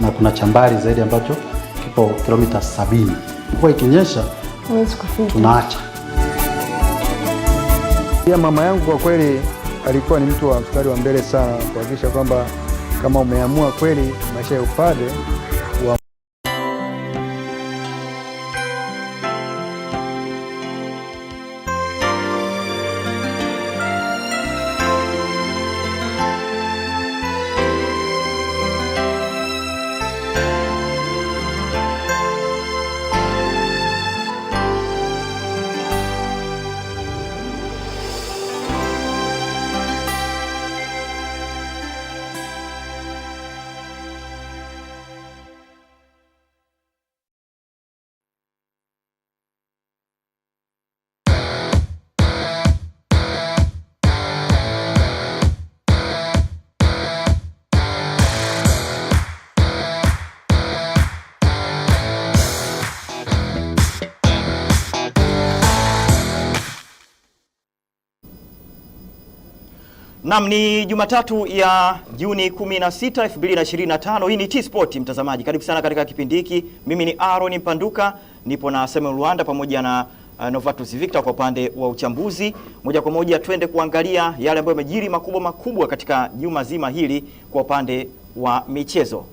na kuna chambari zaidi ambacho kipo kilomita sabini. Mvua ikinyesha tunaacha. Ya mama yangu kwa kweli alikuwa ni mtu wa mstari wa mbele sana kuhakikisha kwamba kama umeamua kweli maisha ya upadre Naam, ni Jumatatu ya Juni 16, 2025. Hii ni T-Sport mtazamaji, karibu sana katika kipindi hiki. Mimi ni Aaron Mpanduka, nipo na Samuel Rwanda pamoja na uh, Novatus Victor kwa upande wa uchambuzi. Moja kwa moja twende kuangalia yale ambayo yamejiri makubwa makubwa katika juma zima hili kwa upande wa michezo.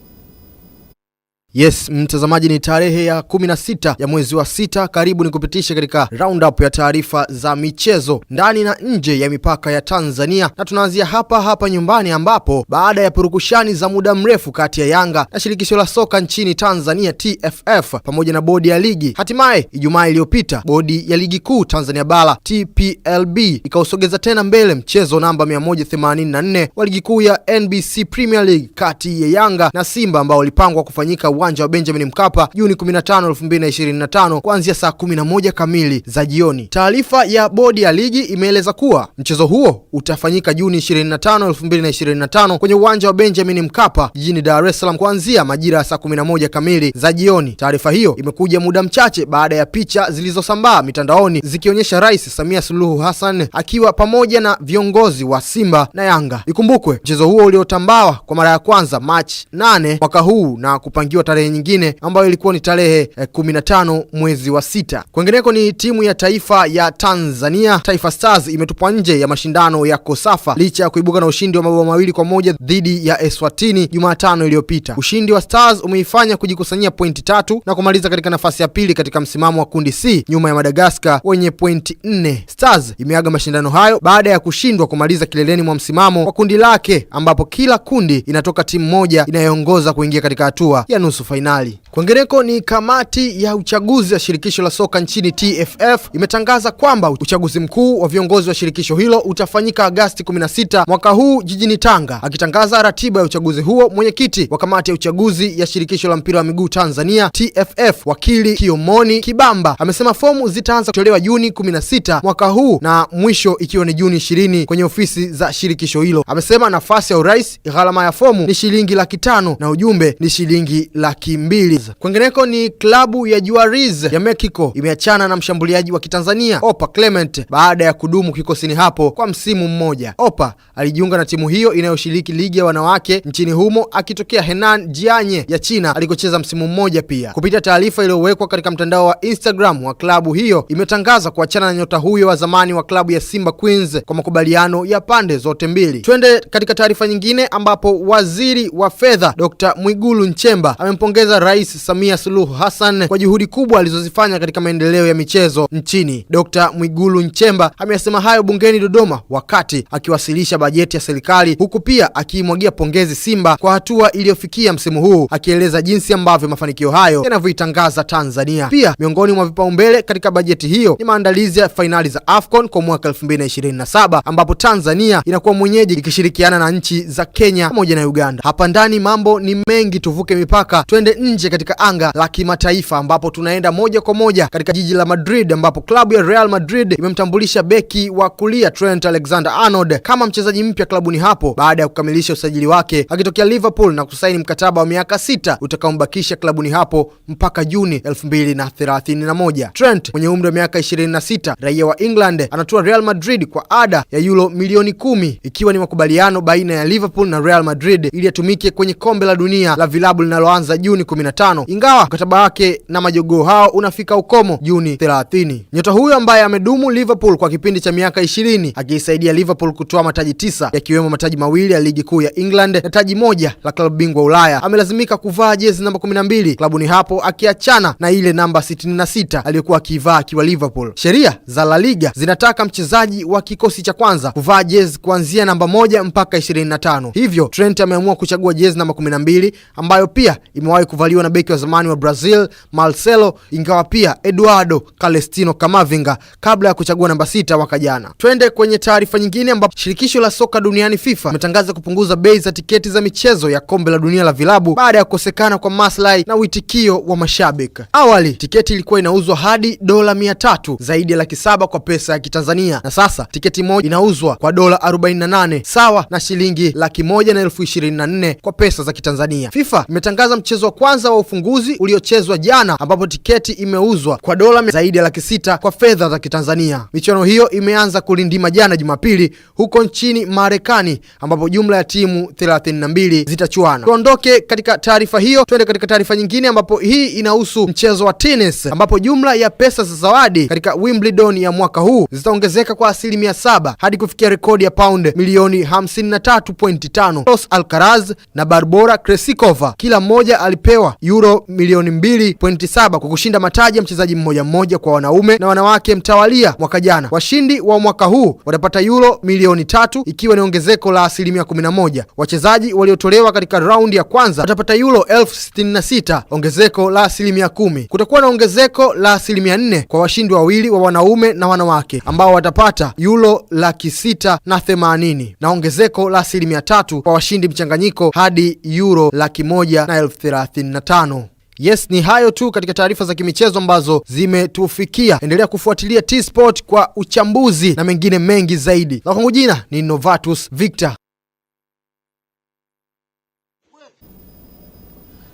Yes mtazamaji, ni tarehe ya 16 ya mwezi wa sita. Karibu ni kupitisha katika roundup ya taarifa za michezo ndani na nje ya mipaka ya Tanzania, na tunaanzia hapa hapa nyumbani ambapo baada ya purukushani za muda mrefu kati ya Yanga na shirikisho la soka nchini Tanzania TFF pamoja na bodi ya ligi, hatimaye Ijumaa iliyopita bodi ya ligi kuu Tanzania Bara TPLB ikausogeza tena mbele mchezo namba 184 wa ligi kuu ya NBC Premier League kati ya Yanga na Simba ambao ulipangwa kufanyika uwanja wa Benjamin Mkapa Juni 15, 2025 kuanzia saa 11 kamili za jioni. Taarifa ya bodi ya ligi imeeleza kuwa mchezo huo utafanyika Juni 25, 2025 kwenye uwanja wa Benjamin Mkapa jijini Dar es Salaam kuanzia majira ya saa 11 kamili za jioni. Taarifa hiyo imekuja muda mchache baada ya picha zilizosambaa mitandaoni zikionyesha Rais Samia Suluhu Hassan akiwa pamoja na viongozi wa Simba na Yanga. Ikumbukwe mchezo huo uliotambawa kwa mara ya kwanza Machi 8 mwaka huu na kupangiwa tarehe nyingine ambayo ilikuwa ni tarehe 15 eh, mwezi wa sita. Kwengineko ni timu ya taifa ya Tanzania Taifa Stars imetupwa nje ya mashindano ya Kosafa licha ya kuibuka na ushindi wa mabao mawili kwa moja dhidi ya Eswatini Jumatano iliyopita. Ushindi wa Stars umeifanya kujikusanyia pointi tatu na kumaliza katika nafasi ya pili katika msimamo wa kundi C nyuma ya Madagaskar wenye pointi nne. Stars imeaga mashindano hayo baada ya kushindwa kumaliza kileleni mwa msimamo wa kundi lake ambapo kila kundi inatoka timu moja inayoongoza kuingia katika hatua ya nusu Russo, fainali. Kwengineko ni kamati ya uchaguzi ya shirikisho la soka nchini TFF imetangaza kwamba uchaguzi mkuu wa viongozi wa shirikisho hilo utafanyika Agasti 16 mwaka huu jijini Tanga. Akitangaza ratiba ya uchaguzi huo, mwenyekiti wa kamati ya uchaguzi ya shirikisho la mpira wa miguu Tanzania TFF wakili Kiomoni Kibamba amesema fomu zitaanza kutolewa Juni 16 mwaka huu na mwisho ikiwa ni Juni 20 kwenye ofisi za shirikisho hilo. Amesema nafasi ya urais, gharama ya fomu ni shilingi laki tano na ujumbe ni shilingi laki mbili. Juarez. ni klabu ya Juarez ya Mexico imeachana na mshambuliaji wa Kitanzania Opa Clement baada ya kudumu kikosini hapo kwa msimu mmoja. Opa alijiunga na timu hiyo inayoshiriki ligi ya wanawake nchini humo akitokea Henan Jianye ya China alikocheza msimu mmoja pia. Kupitia taarifa iliyowekwa katika mtandao wa Instagram wa klabu hiyo, imetangaza kuachana na nyota huyo wa zamani wa klabu ya Simba Queens kwa makubaliano ya pande zote mbili. Twende katika taarifa nyingine ambapo waziri wa fedha Dr. Mwigulu Nchemba amempongeza rais Rais Samia Suluhu Hassan kwa juhudi kubwa alizozifanya katika maendeleo ya michezo nchini. Dr. Mwigulu Nchemba amesema hayo bungeni Dodoma wakati akiwasilisha bajeti ya serikali, huku pia akiimwagia pongezi Simba kwa hatua iliyofikia msimu huu, akieleza jinsi ambavyo mafanikio hayo yanavyoitangaza Tanzania. Pia miongoni mwa vipaumbele katika bajeti hiyo ni maandalizi ya fainali za AFCON kwa mwaka 2027 ambapo Tanzania inakuwa mwenyeji ikishirikiana na nchi za Kenya pamoja na Uganda. Hapa ndani mambo ni mengi, tuvuke mipaka, twende nje katika anga la kimataifa, ambapo tunaenda moja kwa moja katika jiji la Madrid, ambapo klabu ya Real Madrid imemtambulisha beki wa kulia Trent Alexander-Arnold kama mchezaji mpya klabuni hapo baada ya kukamilisha usajili wake akitokea Liverpool na kusaini mkataba wa miaka sita utakaombakisha klabuni hapo mpaka Juni 2031. Trent mwenye umri wa miaka 26, raia wa England, anatua Real Madrid kwa ada ya euro milioni kumi ikiwa ni makubaliano baina ya Liverpool na Real Madrid ili atumike kwenye kombe la dunia la vilabu linaloanza Juni tano ingawa mkataba wake na majogoo hao unafika ukomo Juni 30. Nyota huyo ambaye amedumu Liverpool kwa kipindi cha miaka 20 akiisaidia Liverpool kutoa mataji tisa yakiwemo mataji mawili ya ligi kuu ya England na taji moja la klabu bingwa Ulaya amelazimika kuvaa jezi namba 12 ni hapo akiachana na ile namba 66 aliyokuwa akiivaa akiwa Liverpool. Sheria za La Liga zinataka mchezaji wa kikosi cha kwanza kuvaa jezi kuanzia namba moja mpaka 25, hivyo Trent ameamua kuchagua jezi namba 12 ambayo pia imewahi kuvaliwa na beki wa zamani wa Brazil Marcelo, ingawa pia Eduardo Calestino Camavinga kabla ya kuchagua namba sita mwaka jana. Twende kwenye taarifa nyingine, ambapo shirikisho la soka duniani FIFA imetangaza kupunguza bei za tiketi za michezo ya kombe la dunia la vilabu baada ya kukosekana kwa maslahi na witikio wa mashabiki. Awali tiketi ilikuwa inauzwa hadi dola mia tatu zaidi ya laki saba kwa pesa ya Kitanzania, na sasa tiketi moja inauzwa kwa dola 48 sawa na shilingi laki moja na elfu ishirini na nne kwa pesa za Kitanzania. FIFA imetangaza mchezo wa kwanza wa ufunguzi uliochezwa jana, ambapo tiketi imeuzwa kwa dola zaidi ya laki sita kwa fedha za Kitanzania. Michuano hiyo imeanza kulindima jana Jumapili huko nchini Marekani, ambapo jumla ya timu 32 zitachuana. Tuondoke katika taarifa hiyo, twende katika taarifa nyingine, ambapo hii inahusu mchezo wa tennis, ambapo jumla ya pesa za zawadi katika Wimbledon ya mwaka huu zitaongezeka kwa asilimia saba hadi kufikia rekodi ya pound milioni 53.5. Carlos Alcaraz na Barbora Krejcikova kila mmoja alipewa euro milioni 2.7 kwa kushinda mataji ya mchezaji mmoja mmoja kwa wanaume na wanawake mtawalia mwaka jana. Washindi wa mwaka huu watapata yuro milioni tatu ikiwa ni ongezeko la asilimia kumi moja. Wachezaji waliotolewa katika raundi ya kwanza watapata yuro elfu sitini na sita ongezeko la asilimia kumi. Kutakuwa na ongezeko la asilimia nne kwa washindi wawili wa wanaume na wanawake ambao watapata yuro laki sita na themanini na ongezeko la asilimia tatu kwa washindi mchanganyiko hadi yuro laki moja na elfu thelathini na tano tano. Yes, ni hayo tu katika taarifa za kimichezo ambazo zimetufikia. Endelea kufuatilia T-Sport kwa uchambuzi na mengine mengi zaidi. Na kwangu jina ni Novatus Victor.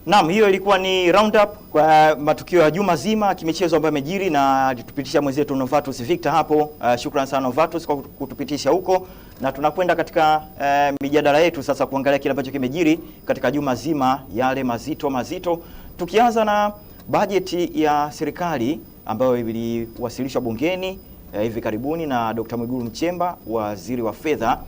Naam, hiyo ilikuwa ni roundup kwa matukio ya juma zima kimichezo ambayo yamejiri na alitupitisha mwenzetu Novatus Victor hapo. Uh, shukrani sana Novatus kwa kutupitisha huko na tunakwenda katika e, mijadala yetu sasa kuangalia kile ambacho kimejiri katika juma zima, yale mazito mazito, tukianza na bajeti ya serikali ambayo iliwasilishwa bungeni e, hivi karibuni na Dr. Mwigulu Nchemba, waziri wa fedha.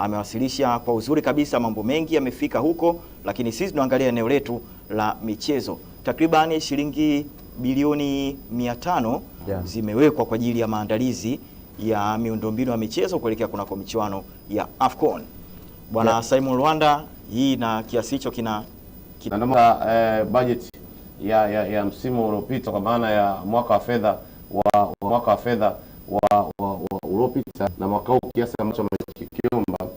Amewasilisha kwa uzuri kabisa, mambo mengi yamefika huko, lakini sisi tunaangalia eneo letu la michezo. Takribani shilingi bilioni 500 yeah, zimewekwa kwa ajili ya maandalizi ya miundombinu ya michezo kuelekea kunako michuano ya AFCON. Bwana yeah. Simon Rwanda, hii na kiasi hicho kina, kina... Eh, budget ya, ya, ya msimu uliopita kwa maana ya mwaka wa fedha wa, wa mwaka wa fedha wa, wa, wa uliopita na mwaka huu kiasi ambacho amekikiomba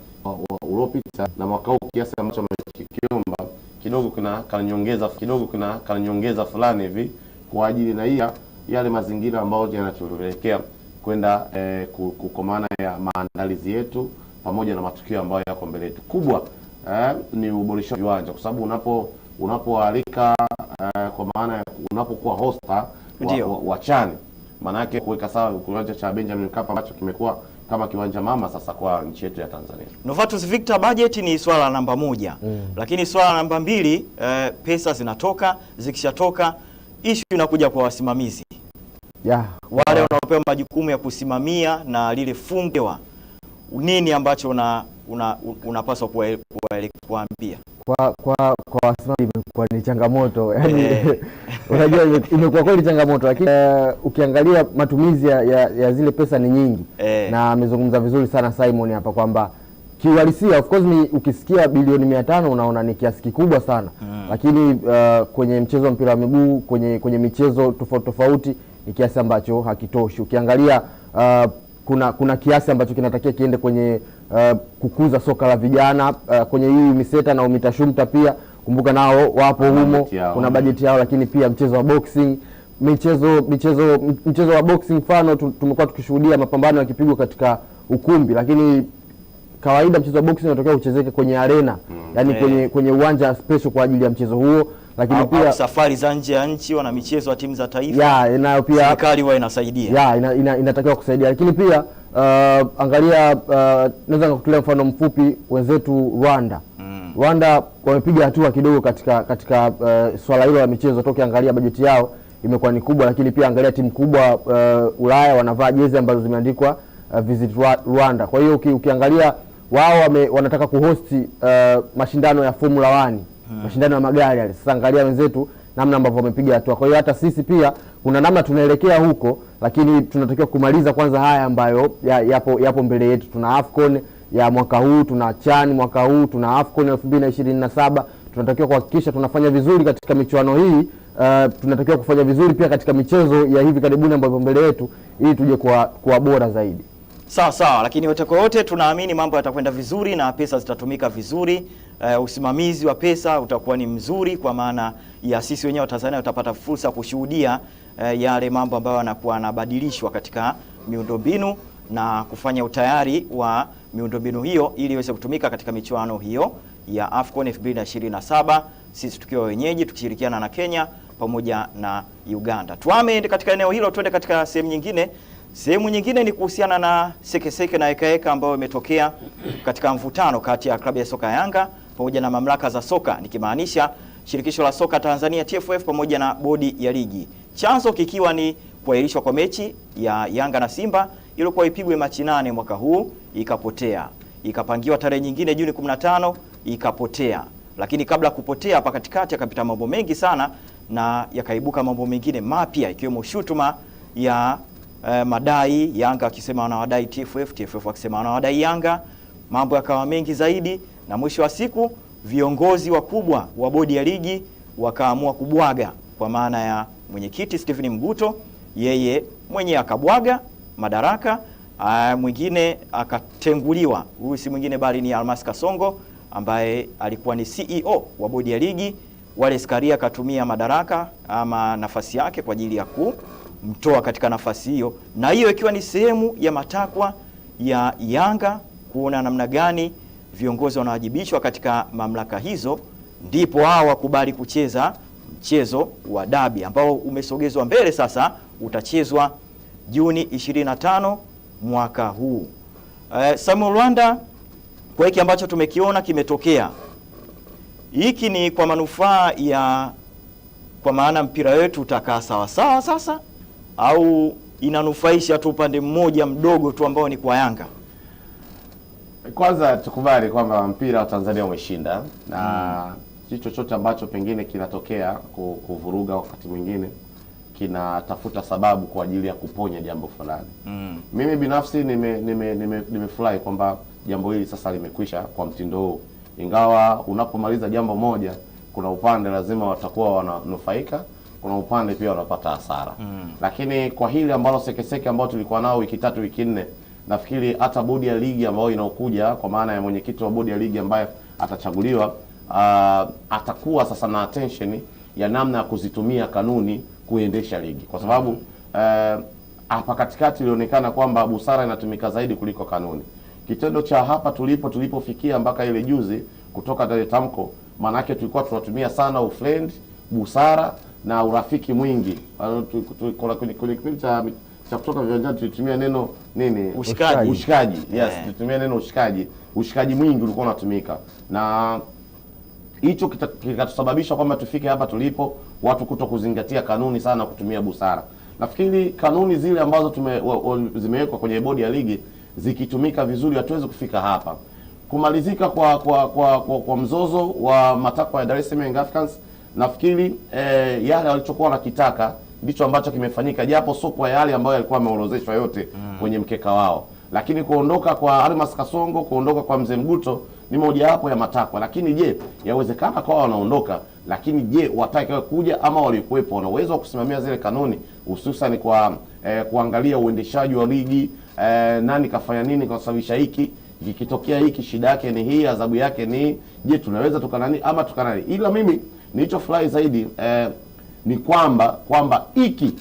uliopita na mwaka huu kiasi ambacho amekikiomba kidogo kina kananyongeza kidogo kina kananyongeza fulani hivi kwa ajili na hiya yale mazingira ambayo yanatupelekea kwenda eh, kwa maana ya maandalizi yetu pamoja na matukio ambayo yako mbele yetu. Kubwa eh, ni uboresho wa viwanja, kwa sababu unapo unapoalika eh, kwa maana ya unapokuwa hosta wa, wa, wa chani maana yake kuweka sawa kiwanja cha Benjamin Mkapa ambacho kimekuwa kama kiwanja mama sasa kwa nchi yetu ya Tanzania. Novatus Victor, budget ni swala namba moja mm. Lakini swala namba mbili eh, pesa zinatoka, zikishatoka issue inakuja kwa wasimamizi yeah. Wale wanaopewa majukumu ya kusimamia na lile fungewa, nini ambacho una unapaswa una kuwaambia kwa kwa kwa wasimamizi? Imekuwa ni changamoto yani, eh. unajua imekuwa kweli changamoto, lakini uh, ukiangalia matumizi ya, ya zile pesa ni nyingi eh. Na amezungumza vizuri sana Simon hapa kwamba kiuhalisia of course ni ukisikia bilioni mia tano unaona ni kiasi kikubwa sana hmm. Lakini uh, kwenye mchezo wa mpira wa miguu kwenye, kwenye michezo tofauti tofauti ni kiasi ambacho hakitoshi. Ukiangalia uh, kuna kuna kiasi ambacho kinatakiwa kiende kwenye uh, kukuza soka la vijana uh, kwenye hii UMISETA na UMITASHUMTA pia, kumbuka nao wapo humo, kuna bajeti yao, lakini pia mchezo wa boxing michezo michezo mchezo wa boxing mfano, tumekuwa tukishuhudia mapambano yakipigwa katika ukumbi, lakini kawaida mchezo wa boxing unatokea uchezeke kwenye arena mm, yani eh. kwenye, kwenye uwanja special kwa ajili ya mchezo huo lakini pia safari za nje ya nchi, wana michezo wa timu za taifa ya inayo pia serikali huwa inasaidia ya ina, ina, inatakiwa kusaidia, lakini pia uh, angalia uh, naweza nikakutolea mfano mfupi wenzetu Rwanda mm. Rwanda wamepiga hatua kidogo katika katika uh, swala hilo la michezo toki, angalia bajeti yao imekuwa ni kubwa, lakini pia angalia timu kubwa uh, Ulaya wanavaa jezi ambazo zimeandikwa uh, visit Rwanda. Kwa hiyo uki, ukiangalia wao wanataka kuhosti uh, mashindano ya Formula 1 Eh. mashindano ya magari yale. Sasa angalia wenzetu namna ambavyo wamepiga hatua. Kwa hiyo hata sisi pia kuna namna tunaelekea huko, lakini tunatakiwa kumaliza kwanza haya ambayo yapo ya yapo mbele yetu. Tuna Afcon ya mwaka huu, tuna Chan mwaka huu, tuna Afcon 2027. Tunatakiwa kuhakikisha tunafanya vizuri katika michuano hii. Uh, tunatakiwa kufanya vizuri pia katika michezo ya hivi karibuni ambayo mbele yetu ili tuje kuwa, kuwa bora zaidi. Sawa sawa, lakini wote kwa wote tunaamini mambo yatakwenda vizuri na pesa zitatumika vizuri uh, usimamizi wa pesa utakuwa ni mzuri, kwa maana ya sisi wenyewe Watanzania utapata fursa kushuhudia uh, yale mambo ambayo yanakuwa yanabadilishwa katika miundombinu na kufanya utayari wa miundombinu hiyo ili iweze kutumika katika michuano hiyo ya AFCON 2027 sisi tukiwa wenyeji tukishirikiana na Kenya pamoja na Uganda. Tuame katika eneo hilo, twende katika sehemu nyingine. Sehemu nyingine ni kuhusiana na sekeseke na hekaheka ambayo imetokea katika mvutano kati ya klabu ya soka Yanga pamoja na mamlaka za soka, nikimaanisha shirikisho la soka Tanzania TFF pamoja na bodi ya ligi, chanzo kikiwa ni kuahirishwa kwa mechi ya Yanga na Simba iliyokuwa ipigwe Machi nane mwaka huu ikapotea, ikapangiwa tarehe nyingine Juni 15 ikapotea. Lakini kabla ya kupotea hapa katikati akapita mambo mengi sana na yakaibuka mambo mengine mapya ikiwemo shutuma ya eh, madai Yanga akisema wanawadai TFF, TFF akisema wanawadai Yanga, mambo yakawa mengi zaidi na mwisho wa siku viongozi wakubwa wa bodi ya ligi wakaamua kubwaga, kwa maana ya mwenyekiti Stephen Mguto yeye mwenyewe akabwaga madaraka. Uh, mwingine akatenguliwa, huyu si mwingine bali ni Almas Kasongo ambaye alikuwa ni CEO wa bodi ya ligi. Wallace Karia akatumia madaraka ama nafasi yake kwa ajili ya kumtoa katika nafasi hiyo, na hiyo ikiwa ni sehemu ya matakwa ya Yanga kuona namna gani viongozi wanawajibishwa katika mamlaka hizo, ndipo hawa wakubali kucheza mchezo wa dabi ambao umesogezwa mbele, sasa utachezwa Juni 25 mwaka huu. Uh, Samuel Rwanda, kwa hiki ambacho tumekiona kimetokea, hiki ni kwa manufaa ya, kwa maana mpira wetu utakaa sawa sawa sasa, au inanufaisha tu upande mmoja mdogo tu ambao ni kwa Yanga? Kwanza tukubali kwamba mpira wa Tanzania umeshinda na mm. chochote ambacho pengine kinatokea kuvuruga wakati mwingine kinatafuta sababu kwa ajili ya kuponya jambo fulani. mm. Mimi binafsi nimefurahi nime, nime, nime kwamba jambo hili sasa limekwisha kwa mtindo huu, ingawa unapomaliza jambo moja, kuna upande lazima watakuwa wananufaika, kuna upande pia wanapata hasara. mm. Lakini kwa hili ambalo sekeseke ambao tulikuwa nao wiki tatu wiki nne nafikiri hata bodi ya ligi ambayo inaokuja kwa maana ya mwenyekiti wa bodi ya ligi ambaye atachaguliwa, uh, atakuwa sasa na attention ya namna ya kuzitumia kanuni kuendesha ligi kwa sababu uh, katikati ilionekana kwamba busara inatumika zaidi kuliko kanuni. Kitendo cha hapa tulipo tulipofikia mpaka ile juzi kutoka Dar tamko, maanake tulikuwa tunatumia sana ufriend, busara na urafiki mwingi. Kwenye kipindi cha kutoka viwanjani tulitumia neno nini ushikaji, ushikaji. Yes, tutumie neno ushikaji. Ushikaji mwingi ulikuwa unatumika na hicho kikatusababisha kwamba tufike hapa tulipo, watu kuto kuzingatia kanuni sana, kutumia busara. Nafikiri kanuni zile ambazo tume zimewekwa kwenye bodi ya ligi zikitumika vizuri, hatuwezi kufika hapa. Kumalizika kwa kwa kwa, kwa, kwa mzozo wa matakwa ya Dar es Salaam Young Africans, nafikiri eh, yale walichokuwa wanakitaka ndicho ambacho kimefanyika, japo sio kwa yale ambayo yalikuwa yameorozeshwa yote mm. kwenye mkeka wao, lakini kuondoka kwa Almas Kasongo, kuondoka kwa Mzee Mguto ni mojawapo ya matakwa. Lakini je, yawezekana kwa wanaondoka, lakini je watakawe kuja ama waliokuwepo wana uwezo wa kusimamia zile kanuni, hususan kwa eh, kuangalia uendeshaji wa ligi eh, nani kafanya nini kasababisha hiki ikitokea hiki, shida yake ni hii, adhabu yake ni je, tunaweza tukanani ama tukanani. Ila mimi nilichofurahi zaidi eh, ni kwamba kwamba hiki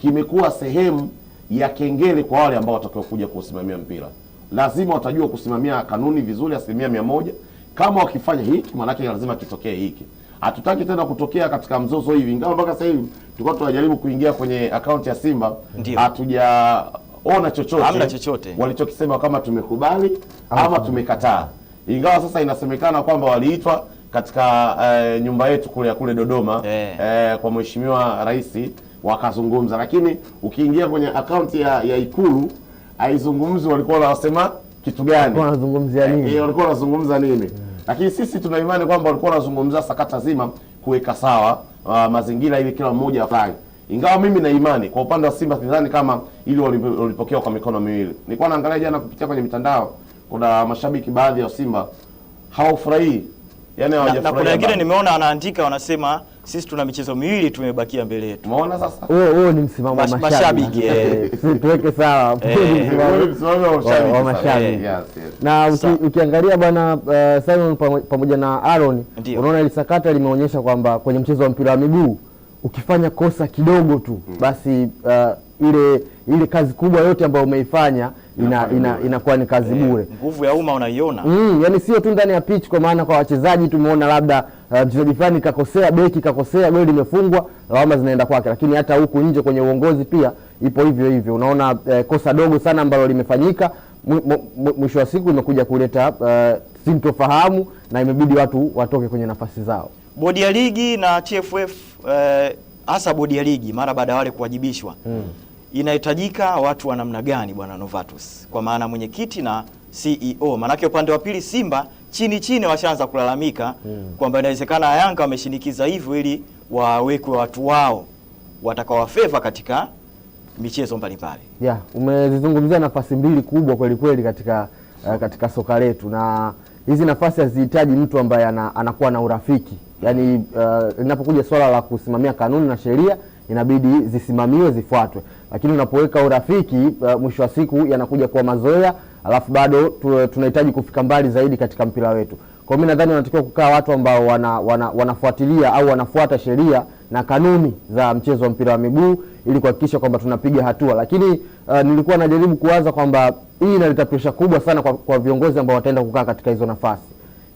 kimekuwa sehemu ya kengele kwa wale ambao kuja kuusimamia mpira, lazima watajua kusimamia kanuni vizuri asilimia mia moja. Kama wakifanya hiki, maanake lazima kitokee hiki. Hatutaki tena kutokea katika mzozo hivi, ingawa mpaka sasa hivi tulikuwa tunajaribu kuingia kwenye akaunti ya Simba, hatujaona chochote, hamna chochote walichokisema kama tumekubali ama tumekataa, ingawa sasa inasemekana kwamba waliitwa katika eh, nyumba yetu kule ya kule Dodoma yeah. Eh, kwa mheshimiwa rais wakazungumza, lakini ukiingia kwenye akaunti ya, ya Ikulu haizungumzi walikuwa wanasema kitu gani, wanazungumzia eh, nini eh, walikuwa wanazungumza nini yeah. Lakini sisi tuna imani kwamba walikuwa wanazungumza sakata zima kuweka sawa uh, mazingira ili kila mmoja afanye ingawa mimi na imani kwa upande wa Simba sidhani kama ili walipokea kwa mikono miwili. Nilikuwa naangalia jana kupitia kwenye mitandao, kuna mashabiki baadhi ya Simba hawafurahii Yani na, na kuna wengine nimeona wanaandika wanasema sisi tuna michezo miwili tumebakia mbele yetu. Umeona sasa? Huo huo ni msimamo wa mashabiki. Eh. Si tuweke sawa. Eh. Msimamo wa mashabiki. Eh. Na ukiangalia bwana uh, Simon pamoja na Aaron unaona ile sakata limeonyesha kwamba kwenye mchezo wa mpira wa miguu ukifanya kosa kidogo tu mm. basi uh, ile ile kazi kubwa yote ambayo umeifanya inakuwa ina, ina, ni kazi eh, bure. Nguvu ya umma unaiona mm, yani sio tu ndani ya pitch, kwa maana kwa wachezaji tumeona labda uh, mchezaji uh, fulani kakosea, beki kakosea, goli limefungwa, lawama zinaenda kwake, lakini hata huku nje kwenye uongozi pia ipo hivyo hivyo. Unaona uh, kosa dogo sana ambalo limefanyika mwisho wa siku imekuja kuleta uh, sintofahamu na imebidi watu watoke kwenye nafasi zao. Bodi ya ligi na TFF eh, hasa eh, bodi ya ligi mara baada ya wale kuwajibishwa hmm inahitajika watu wa namna gani bwana Novatus, kwa maana mwenyekiti na CEO? Maanake upande wa pili Simba chini chini washaanza kulalamika hmm, kwamba inawezekana Yanga wameshinikiza hivyo ili wawekwe watu wao watakaowafeva katika michezo mbalimbali. Yeah, umezizungumzia nafasi mbili kubwa kweli kweli katika uh, katika soka letu, na hizi nafasi hazihitaji mtu ambaye ana, anakuwa na urafiki yaani, uh, linapokuja swala la kusimamia kanuni na sheria inabidi zisimamiwe zifuatwe lakini unapoweka urafiki uh, mwisho wa siku yanakuja kuwa mazoea, alafu bado tunahitaji kufika mbali zaidi katika mpira wetu. Kwa mimi nadhani wanatakiwa kukaa watu ambao wana, wana, wanafuatilia au wanafuata sheria na kanuni za mchezo wa mpira wa miguu ili kuhakikisha kwamba tunapiga hatua, lakini uh, nilikuwa najaribu kuwaza kwamba hii inaleta presha kubwa sana kwa, kwa viongozi ambao wataenda kukaa katika hizo nafasi.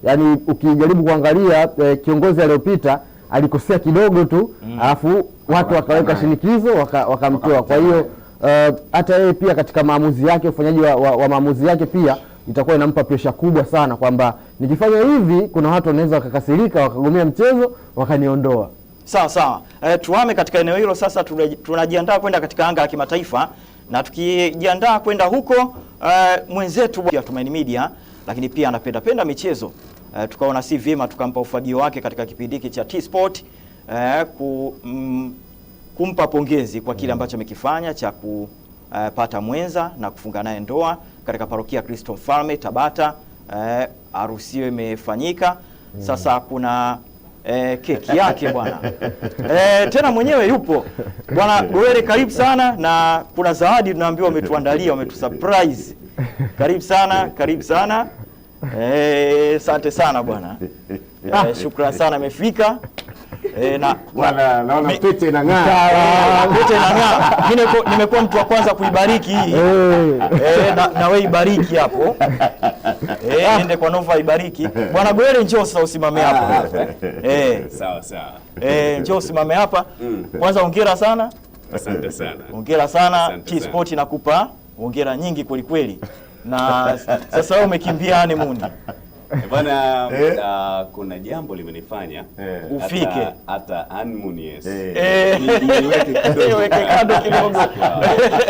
Yaani ukijaribu kuangalia eh, kiongozi aliyopita alikosea kidogo tu mm. alafu watu wakaweka shinikizo wakamtoa waka. Kwa hiyo uh, hata uh, yeye pia katika maamuzi yake, ufanyaji wa, wa, wa maamuzi yake pia itakuwa inampa presha kubwa sana kwamba nikifanya hivi kuna watu wanaweza wakakasirika wakagomea mchezo wakaniondoa. Sawa sawa. E, eh, tuame katika eneo hilo sasa. Tunajiandaa kwenda katika anga ya kimataifa, na tukijiandaa kwenda huko, e, mwenzetu wa Tumaini Media, lakini pia anapenda penda michezo uh, tukaona si vyema tukampa ufagio wake katika kipindi hiki cha T-Sport uh, ku, mm, kumpa pongezi kwa kile mm. ambacho amekifanya cha kupata eh, uh, mwenza na kufunga naye ndoa katika parokia Kristo Mfalme Tabata. Harusi uh, imefanyika mm. sasa, kuna E, keki yake bwana e, tena mwenyewe yupo bwana goere karibu sana na kuna zawadi tunaambiwa wametuandalia, umetusurprise. Karibu sana, karibu sana. Eh, asante sana bwana eh, shukrani sana amefika eh, na, bwana naona pete inang'aa pete nimekuwa mtu wa kwanza kuibariki hii eh, eh na, na we ibariki hapo eh, ah. nende kwa Nova ibariki bwana Gwere, njoo sasa usimame ah. hapa eh, sawa eh, njoo usimame hapa mm. kwanza. ongera sana, ongera sana, hongera sana T-Sport inakupa hongera nyingi kwelikweli kweli na sasa wewe umekimbia honeymoon eh, bwana. Eh? Uh, kuna jambo limenifanya eh, ufike hata honeymoon yes, eh. niweke kando kidogo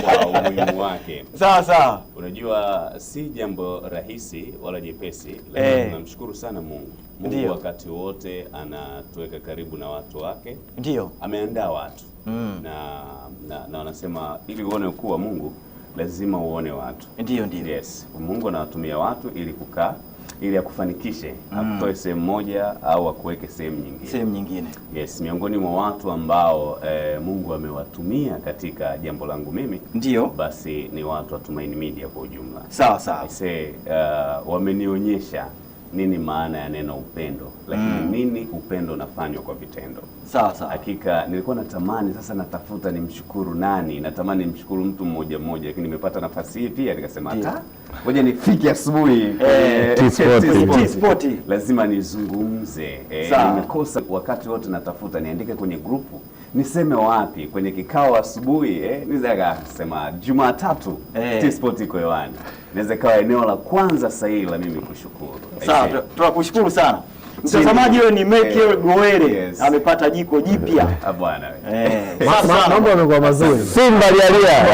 kwa umuhimu wake. Sawa sawa, unajua si jambo rahisi wala jepesi, lakini tunamshukuru sana Mungu. Mungu wakati wote anatuweka karibu na watu wake, ndio ameandaa watu mm, na, na, na wanasema ili uone ukuu wa Mungu lazima uone watu. Ndiyo, ndiyo. Yes. Mungu anawatumia watu ili kukaa ili akufanikishe mm. akutoe sehemu moja au akuweke sehemu nyingine, sehemu nyingine. Yes, miongoni mwa watu ambao e, Mungu amewatumia katika jambo langu mimi ndio basi ni watu wa Tumaini Media kwa ujumla. Sawa sawa. uh, wamenionyesha nini maana ya neno upendo, lakini mm. nini upendo unafanywa kwa vitendo. Sawa sawa, hakika nilikuwa natamani sasa, natafuta nimshukuru nani, natamani nimshukuru mtu mmoja mmoja, lakini nimepata nafasi hii pia nikasema hata ngoja nifike asubuhi eh, lazima nizungumze. Eh, nimekosa wakati wote natafuta, niandike kwenye grupu, niseme wapi kwenye kikao asubuhi, eh, nizaga ah, sema Jumatatu eh. T-Sport iko hewani inaweza ikawa eneo la kwanza sahihi la mimi kushukuru. Sawa, tunakushukuru sana. Mtazamaji wewe ni Meki Goere yes. Amepata jiko jipya Ah bwana. Eh, sasa mambo yamekuwa mazuri. Simba lialia.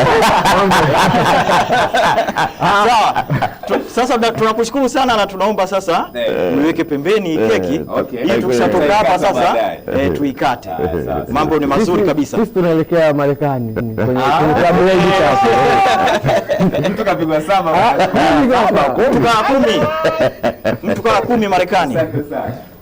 Ah, sawa. Sasa tunakushukuru sana na tunaomba sasa niweke eh. pembeni eh. keki ili tukishatoka hapa sasa eh, tuikate. Mambo ni mazuri kabisa. Sisi tunaelekea Marekani kwenye ah. klabu ya Jita. Tukapigwa ah, saba. Tukawa kumi. Mtu kawa kumi Marekani.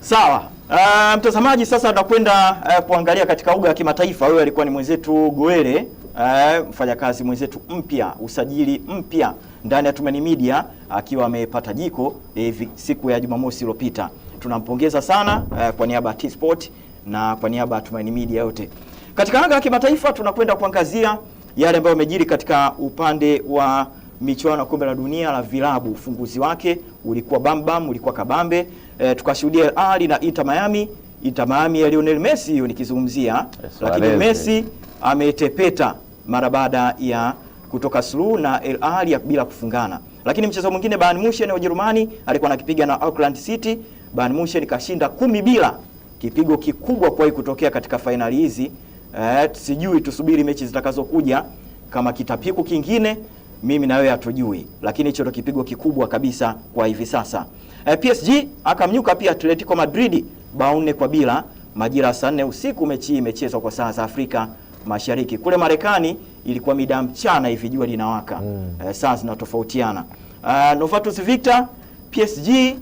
Sawa. Uh, mtazamaji sasa tutakwenda uh, kuangalia katika uga ya kimataifa. Wewe alikuwa ni mwenzetu Goele uh, eh, mfanyakazi mwenzetu mpya, usajili mpya ndani ya Tumaini Media akiwa uh, amepata jiko uh, siku ya Jumamosi iliyopita. Tunampongeza sana uh, kwa niaba ya T-Sport na kwa niaba ya Tumaini Media yote. Katika anga ya kimataifa tunakwenda kuangazia yale ambayo yamejiri katika upande wa michuano ya kombe la dunia la vilabu. Ufunguzi wake ulikuwa bambam, ulikuwa kabambe e, eh, tukashuhudia Ali na Inter Miami. Inter Miami ya Lionel Messi hiyo nikizungumzia yes, eh, lakini Messi ametepeta mara baada ya kutoka suluhu na El Ahly bila kufungana. Lakini mchezo mwingine Bayern Munchen na Ujerumani alikuwa anakipiga na Auckland City. Bayern Munchen kashinda kumi bila, kipigo kikubwa kuwahi kutokea katika fainali hizi. Eh, sijui tusubiri mechi zitakazokuja kama kitapiku kingine, mimi na wewe hatujui, lakini hicho ndo kipigo kikubwa kabisa kwa hivi sasa. E, eh, PSG akamnyuka pia Atletico Madrid bao nne kwa bila majira saa nne usiku. Mechi hii imechezwa kwa saa za Afrika Mashariki. Kule Marekani ilikuwa mida mchana hivi jua linawaka mm. E, saa zinatofautiana. Uh, Novatus Victor PSG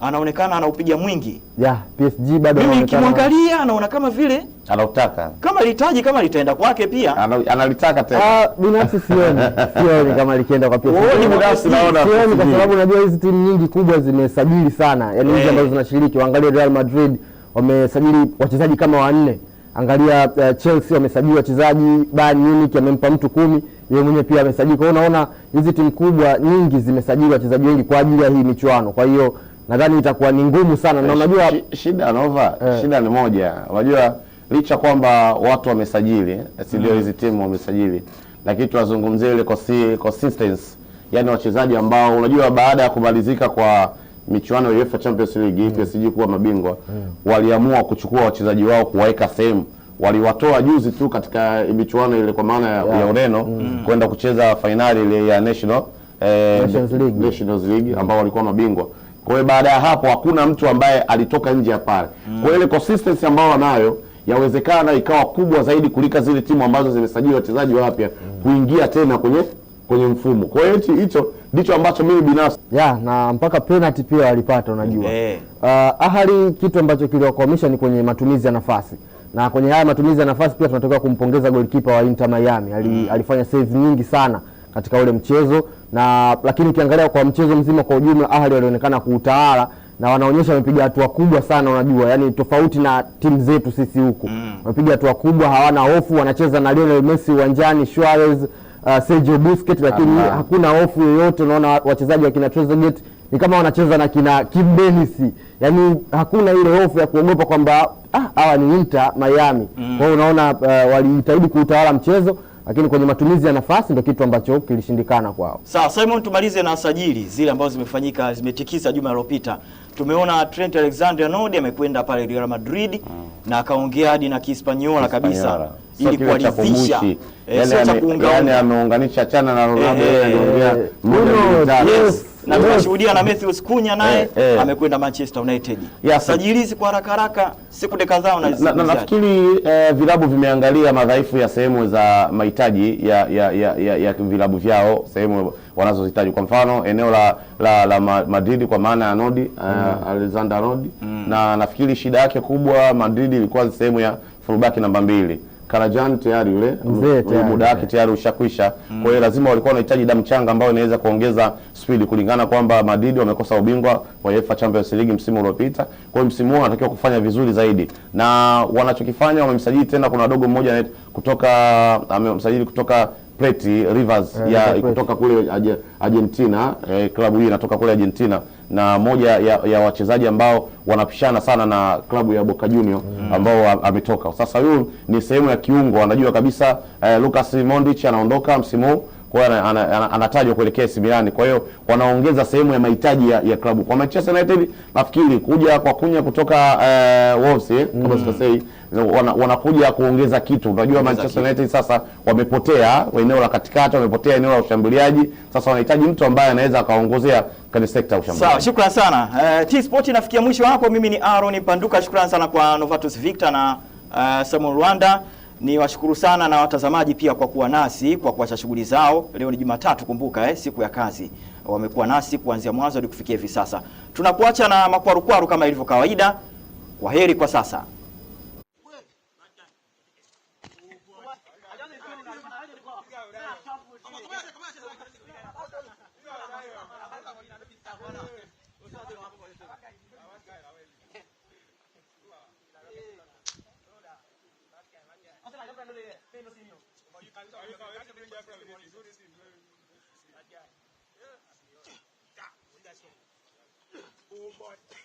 anaonekana anaupiga mwingi yeah, PSG bado mimi nikimwangalia anaona kama vile anautaka kama litaji kama litaenda kwake pia analitaka tena. Ah, binafsi sioni sioni kama likienda kwa PSG, sioni kwa sababu najua hizi timu nyingi kubwa zimesajili sana, yaani hizi hey, eh. ambazo zinashiriki. Waangalie Real Madrid wamesajili wachezaji kama wanne, angalia uh, Chelsea wamesajili wachezaji, Bayern Munich amempa mtu kumi yeye mwenyewe pia amesajili. Kwa hiyo unaona hizi timu kubwa nyingi zimesajili wachezaji wengi kwa ajili ya hii michuano, kwa hiyo nadhani itakuwa ni ngumu sana na eh, unajua shida Nova, eh. Shida ni moja, unajua licha kwamba watu wamesajili, si ndio? Mm. Hizi timu wamesajili, lakini tuwazungumzie ile consistency, yani wachezaji ambao unajua baada ya kumalizika kwa michuano ya UEFA Champions League mm. PSG kuwa mabingwa mm. waliamua kuchukua wachezaji wao kuwaweka sehemu, waliwatoa juzi tu katika michuano ile kwa maana ya, yeah. ya Ureno mm. mm. kwenda kucheza fainali ile ya National, eh, Nations League, League ambao walikuwa mabingwa kwa hiyo baada ya hapo hakuna mtu ambaye alitoka nje ya pale mm. Kwa hiyo ile consistency ambayo wanayo yawezekana ikawa kubwa zaidi kulika zile timu ambazo zimesajili wachezaji wapya mm. kuingia tena kwenye kwenye mfumo. Kwa hiyo hicho ndicho ambacho mimi binafsi yeah, na mpaka penalty pia walipata unajua mm. Uh, Ahali kitu ambacho kiliwakwamisha ni kwenye matumizi ya nafasi na kwenye haya matumizi ya nafasi pia tunatoka kumpongeza goalkeeper wa Inter Miami. Ali, mm. alifanya save nyingi sana katika ule mchezo na lakini ukiangalia kwa mchezo mzima kwa ujumla Ahli walionekana kuutawala na wanaonyesha wamepiga hatua kubwa sana. Unajua, yani tofauti na timu zetu sisi huku mm. wamepiga hatua kubwa, hawana hofu, wanacheza na Lionel Messi uwanjani, Suarez, uh, Sergio Busquets, lakini Aha. hakuna hofu yoyote. Unaona wachezaji wa kina Trezeguet ni kama wanacheza na kina Kim yani hakuna ile hofu ya kuogopa kwamba ah, hawa ni Inter Miami mm. kwa unaona uh, walijitahidi kuutawala mchezo lakini kwenye matumizi ya nafasi ndio kitu ambacho kilishindikana kwao. Sawa Simon, tumalize na sajili zile ambazo zimefanyika zimetikisa juma lililopita. Tumeona Trent Alexander Arnold amekwenda pale Real Madrid hmm. na akaongea hadi na Kihispaniola kabisa ili kuwaridhisha Eh, yani yaani ameunganisha chana na Ronaldo eh, eh, yes. na tunashuhudia na Matheus Cunha naye amekwenda Manchester United. Sajili hizi kwa haraka haraka siku sekunde kadhaa na nafikiri vilabu vimeangalia madhaifu ya sehemu za mahitaji ya ya, ya, ya, ya vilabu vyao sehemu wanazozihitaji kwa mfano eneo la, la, la Madrid kwa maana ya Nodi mm. uh, Alexander Nodi mm. na nafikiri shida yake kubwa Madrid ilikuwa sehemu ya fullback namba mbili Karajan tayari yule muda wake tayari ushakwisha. Mm. Kwa hiyo mm. lazima walikuwa wanahitaji damu changa ambayo inaweza kuongeza spidi, kulingana kwamba Madrid wamekosa ubingwa wa UEFA Champions League msimu uliopita. Kwa hiyo msimu huu wanatakiwa kufanya vizuri zaidi, na wanachokifanya wamemsajili tena, kuna dogo mmoja kutoka amemsajili kutoka Plate Rivers yeah, ya kutoka kule Argentina eh, klabu hii inatoka kule Argentina na moja ya, ya wachezaji ambao wanapishana sana na klabu ya Boca Junior mm. ambao ametoka sasa. Huyu ni sehemu ya kiungo, anajua kabisa eh, Lucas Mondich anaondoka msimu huu kwa hiyo anatajwa kuelekea AC Milan. Kwa hiyo wanaongeza sehemu ya mahitaji ya, ya klabu. Kwa Manchester United nafikiri kuja kwa kunya kutoka uh, Wolves eh, mm. kama sikosei wana, wanakuja kuongeza kitu. Unajua Manchester United sasa wamepotea eneo la katikati, wamepotea eneo la ushambuliaji. Sasa wanahitaji mtu ambaye anaweza akaongozea kwenye sekta ya ushambuliaji. Sawa, shukrani sana. Uh, T Sport inafikia mwisho hapo. Mimi ni Aaron Panduka. Shukrani sana kwa Novatus Victor na uh, Samuel Rwanda. Ni washukuru sana na watazamaji pia kwa kuwa nasi kwa kuacha shughuli zao. Leo ni Jumatatu, kumbuka eh, siku ya kazi. Wamekuwa nasi kuanzia mwanzo hadi kufikia hivi sasa. Tunakuacha na makwarukwaru kama ilivyo kawaida. Kwa heri kwa sasa. Oh, boy.